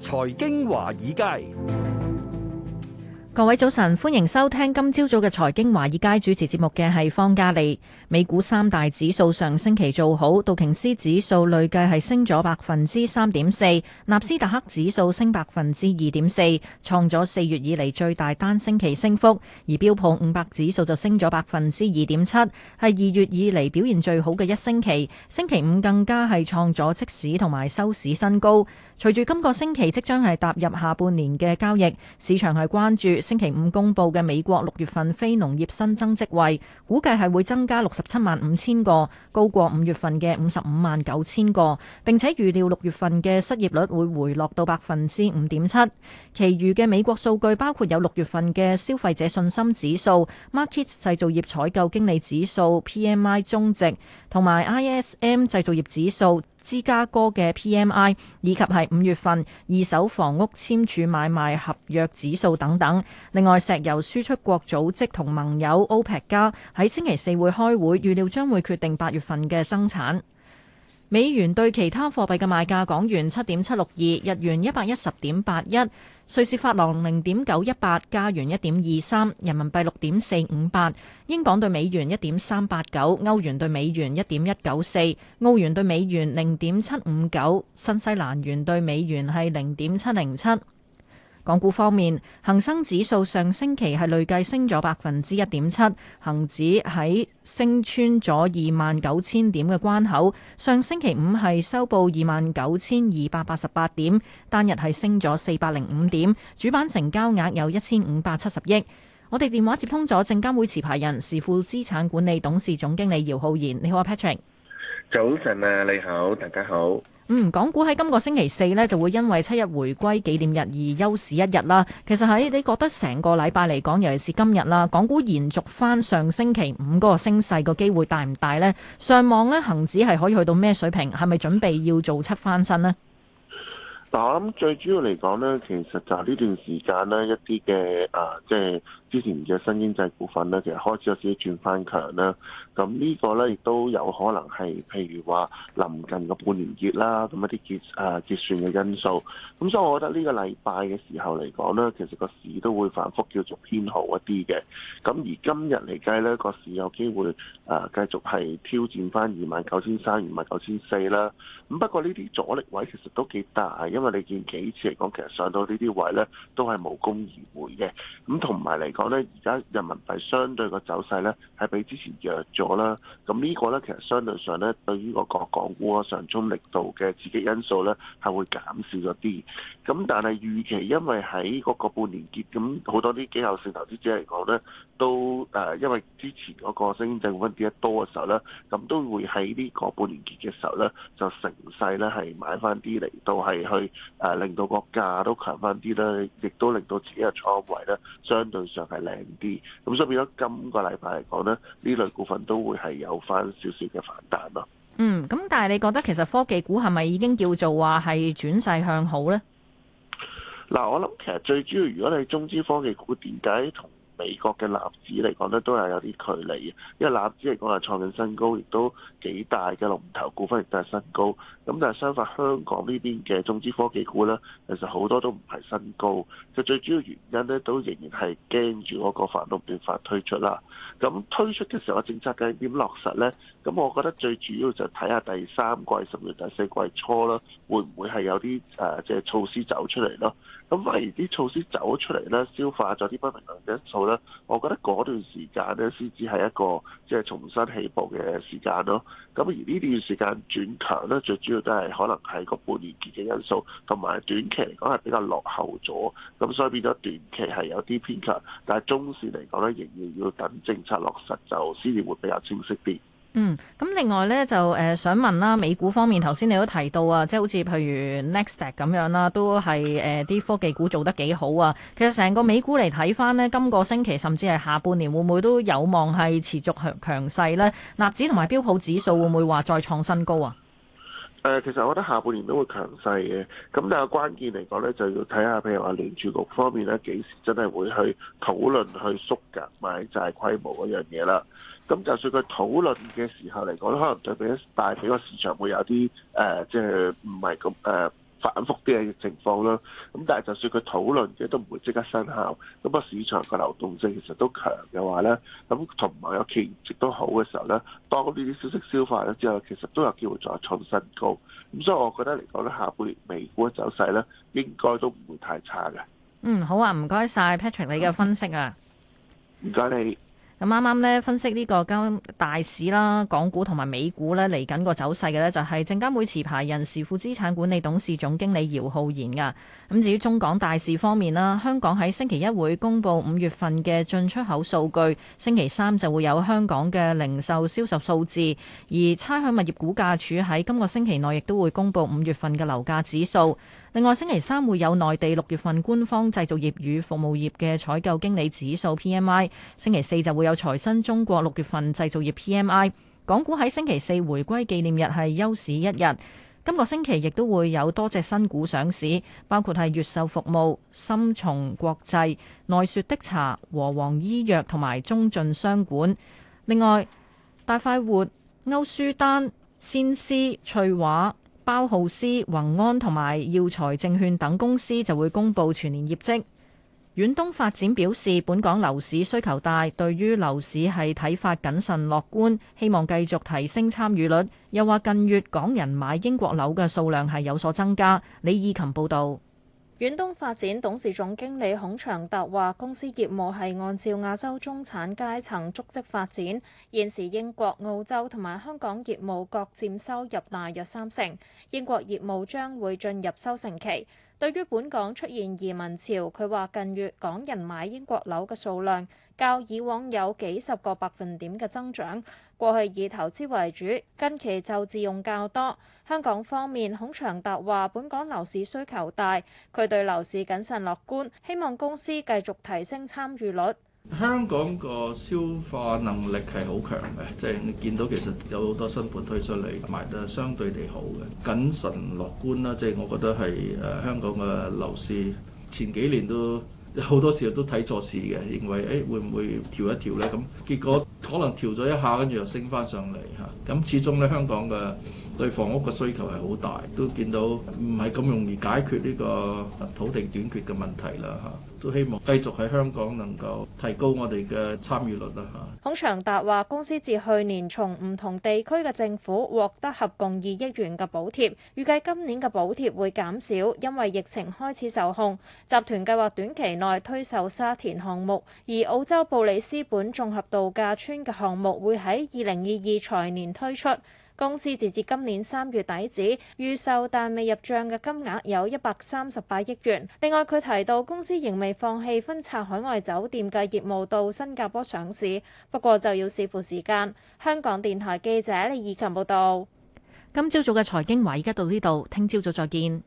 財經華爾街。各位早晨，歡迎收聽今朝早嘅財經華爾街，主持節目嘅係方嘉莉。美股三大指數上星期做好，道瓊斯指數累計係升咗百分之三點四，納斯達克指數升百分之二點四，創咗四月以嚟最大單星期升幅，而標普五百指數就升咗百分之二點七，係二月以嚟表現最好嘅一星期。星期五更加係創咗即市同埋收市新高。隨住今個星期即將係踏入下半年嘅交易，市場係關注。星期五公布嘅美國六月份非農業新增職位估計係會增加六十七萬五千個，高過五月份嘅五十五萬九千個，並且預料六月份嘅失業率會回落到百分之五點七。其餘嘅美國數據包括有六月份嘅消費者信心指數、market 製造業採購經理指數 （PMI）、PMI 中值同埋 ISM 製造業指數。芝加哥嘅 PMI 以及係五月份二手房屋簽署買賣合約指數等等。另外，石油輸出國組織同盟友 OPEC 加喺星期四會開會，預料將會決定八月份嘅增產。美元兌其他貨幣嘅賣價：港元七點七六二，日元一百一十點八一，瑞士法郎零點九一八，加元一點二三，人民幣六點四五八，英鎊對美元一點三八九，歐元對美元一點一九四，澳元對美元零點七五九，新西蘭元對美元係零點七零七。港股方面，恒生指數上星期係累計升咗百分之一點七，恒指喺升穿咗二萬九千點嘅關口。上星期五係收報二萬九千二百八十八點，單日係升咗四百零五點，主板成交額有一千五百七十億。我哋電話接通咗證監會持牌人士、富資產管理董事總經理姚浩然。你好，阿 Patrick。早晨啊，你好，大家好。嗯，港股喺今個星期四咧，就會因為七一回歸紀念日而休市一日啦。其實喺你覺得成個禮拜嚟講，尤其是今日啦，港股延續翻上星期五嗰個升勢個機會大唔大咧？上望咧，恒指係可以去到咩水平？係咪準備要做七翻身咧？嗱，我諗最主要嚟講咧，其實就係呢段時間咧，一啲嘅啊，即係。之前嘅新經濟股份呢，其實開始有少少轉翻強啦。咁呢個呢，亦都有可能係譬如話臨近個半年結啦，咁一啲結啊結算嘅因素。咁所以，我覺得呢個禮拜嘅時候嚟講呢，其實個市都會反覆叫做偏好一啲嘅。咁而今日嚟計呢個市有機會啊繼續係挑戰翻二萬九千三、二萬九千四啦。咁不過呢啲阻力位其實都幾大，因為你見幾次嚟講，其實上到呢啲位呢都係無功而回嘅。咁同埋嚟講。我咧而家人民幣相對個走勢呢，係比之前弱咗啦，咁呢個呢，其實相對上咧對於個港股上衝力度嘅刺激因素呢，係會減少咗啲，咁但係預期因為喺嗰個半年結咁好多啲機構性投資者嚟講呢，都誒，因為之前嗰個升整穩跌得多嘅時候呢，咁都會喺呢個半年結嘅時候呢，就乘勢呢係買翻啲嚟到係去誒令到個價都強翻啲啦，亦都令到自己嘅倉位呢相對上，係靚啲，咁所以變咗今個禮拜嚟講呢，呢類股份都會係有翻少少嘅反彈咯。嗯，咁但係你覺得其實科技股係咪已經叫做話係轉勢向好呢？嗱、嗯嗯，我諗其實最主要，如果你中資科技股點解同？美國嘅納指嚟講咧，都係有啲距離嘅，因為納指嚟講係創緊新高，亦都幾大嘅龍頭股份亦都係新高。咁但係相反，香港呢邊嘅中資科技股咧，其實好多都唔係新高。就最主要原因咧，都仍然係驚住嗰個反動變法推出啦。咁推出嘅時候，嘅政策嘅點落實咧？咁我覺得最主要就睇下第三季、十月、第四季初啦，會唔會係有啲誒即係措施走出嚟咯？咁例如啲措施走出嚟咧，消化咗啲不明朗嘅因素。我覺得嗰段時間呢，先至係一個即係重新起步嘅時間咯。咁而呢段時間轉強呢，最主要都係可能係個半年結嘅因素，同埋短期嚟講係比較落後咗。咁所以變咗短期係有啲偏強，但係中線嚟講呢，仍然要等政策落實，就先至會比較清晰啲。嗯，咁另外呢，就誒、呃、想問啦，美股方面頭先你都提到啊，即係好似譬如 Next Tech 咁樣啦，都係誒啲科技股做得幾好啊。其實成個美股嚟睇翻呢，今個星期甚至係下半年會唔會都有望係持續強強勢呢？納指同埋標普指數會唔會話再創新高啊？誒、呃，其實我覺得下半年都會強勢嘅，咁但係關鍵嚟講咧，就要睇下譬如話聯儲局方面咧，幾時真係會去討論去縮減買債規模嗰樣嘢啦。咁就算佢討論嘅時候嚟講，可能對比大幾個市場會有啲誒，即係唔係咁誒，就是反覆啲嘅情況啦，咁但係就算佢討論嘅都唔會即刻生效，咁啊市場個流動性其實都強嘅話咧，咁同埋有企業值都好嘅時候咧，當呢啲消息消化咗之後，其實都有機會再創新高。咁所以我覺得嚟講咧，下半年美股嘅走勢咧，應該都唔會太差嘅。嗯，好啊，唔該晒 Patrick 你嘅分析啊。唔該你。咁啱啱咧分析呢個交大市啦，港股同埋美股咧嚟緊個走勢嘅咧，就係證監會持牌人士、時富資產管理董事總經理姚浩然啊，咁至於中港大市方面啦，香港喺星期一會公布五月份嘅進出口數據，星期三就會有香港嘅零售銷售數字，而差餉物業估價署喺今個星期內亦都會公布五月份嘅樓價指數，另外星期三會有內地六月份官方製造業與服務業嘅採購經理指數 PMI，星期四就會。有財新中國六月份製造業 PMI，港股喺星期四回歸紀念日係休市一日。今個星期亦都會有多隻新股上市，包括係越秀服務、深松國際、內雪的茶和黃醫藥同埋中進商管。另外，大快活、歐舒丹、先思、翠華、包浩斯、宏安同埋耀才證券等公司就會公布全年業績。遠東發展表示，本港樓市需求大，對於樓市係睇法謹慎樂觀，希望繼續提升參與率。又話近月港人買英國樓嘅數量係有所增加。李義琴報道，遠東發展董事總經理孔祥達話，公司業務係按照亞洲中產階層足跡發展，現時英國、澳洲同埋香港業務各佔收入大約三成，英國業務將會進入收成期。對於本港出現移民潮，佢話近月港人買英國樓嘅數量較以往有幾十個百分點嘅增長。過去以投資為主，近期就自用較多。香港方面，孔祥達話本港樓市需求大，佢對樓市謹慎樂觀，希望公司繼續提升參與率。香港個消化能力係好強嘅，即係你見到其實有好多新盤推出嚟，賣得相對地好嘅，謹慎樂觀啦。即係我覺得係誒，香港嘅樓市前幾年都好多時候都睇錯市嘅，認為誒會唔會調一調呢？咁結果可能調咗一下，跟住又升翻上嚟吓。咁始終咧，香港嘅。對房屋嘅需求係好大，都見到唔係咁容易解決呢個土地短缺嘅問題啦。嚇，都希望繼續喺香港能夠提高我哋嘅參與率啦。嚇，孔祥達話公司自去年從唔同地區嘅政府獲得合共二億元嘅補貼，預計今年嘅補貼會減少，因為疫情開始受控。集團計劃短期內推售沙田項目，而澳洲布里斯本綜合度假村嘅項目會喺二零二二財年推出。公司截至今年三月底止，預售但未入賬嘅金額有一百三十八億元。另外，佢提到公司仍未放棄分拆海外酒店嘅業務到新加坡上市，不過就要視乎時間。香港電台記者李以琴報道。今朝早嘅財經話，而家到呢度，聽朝早再見。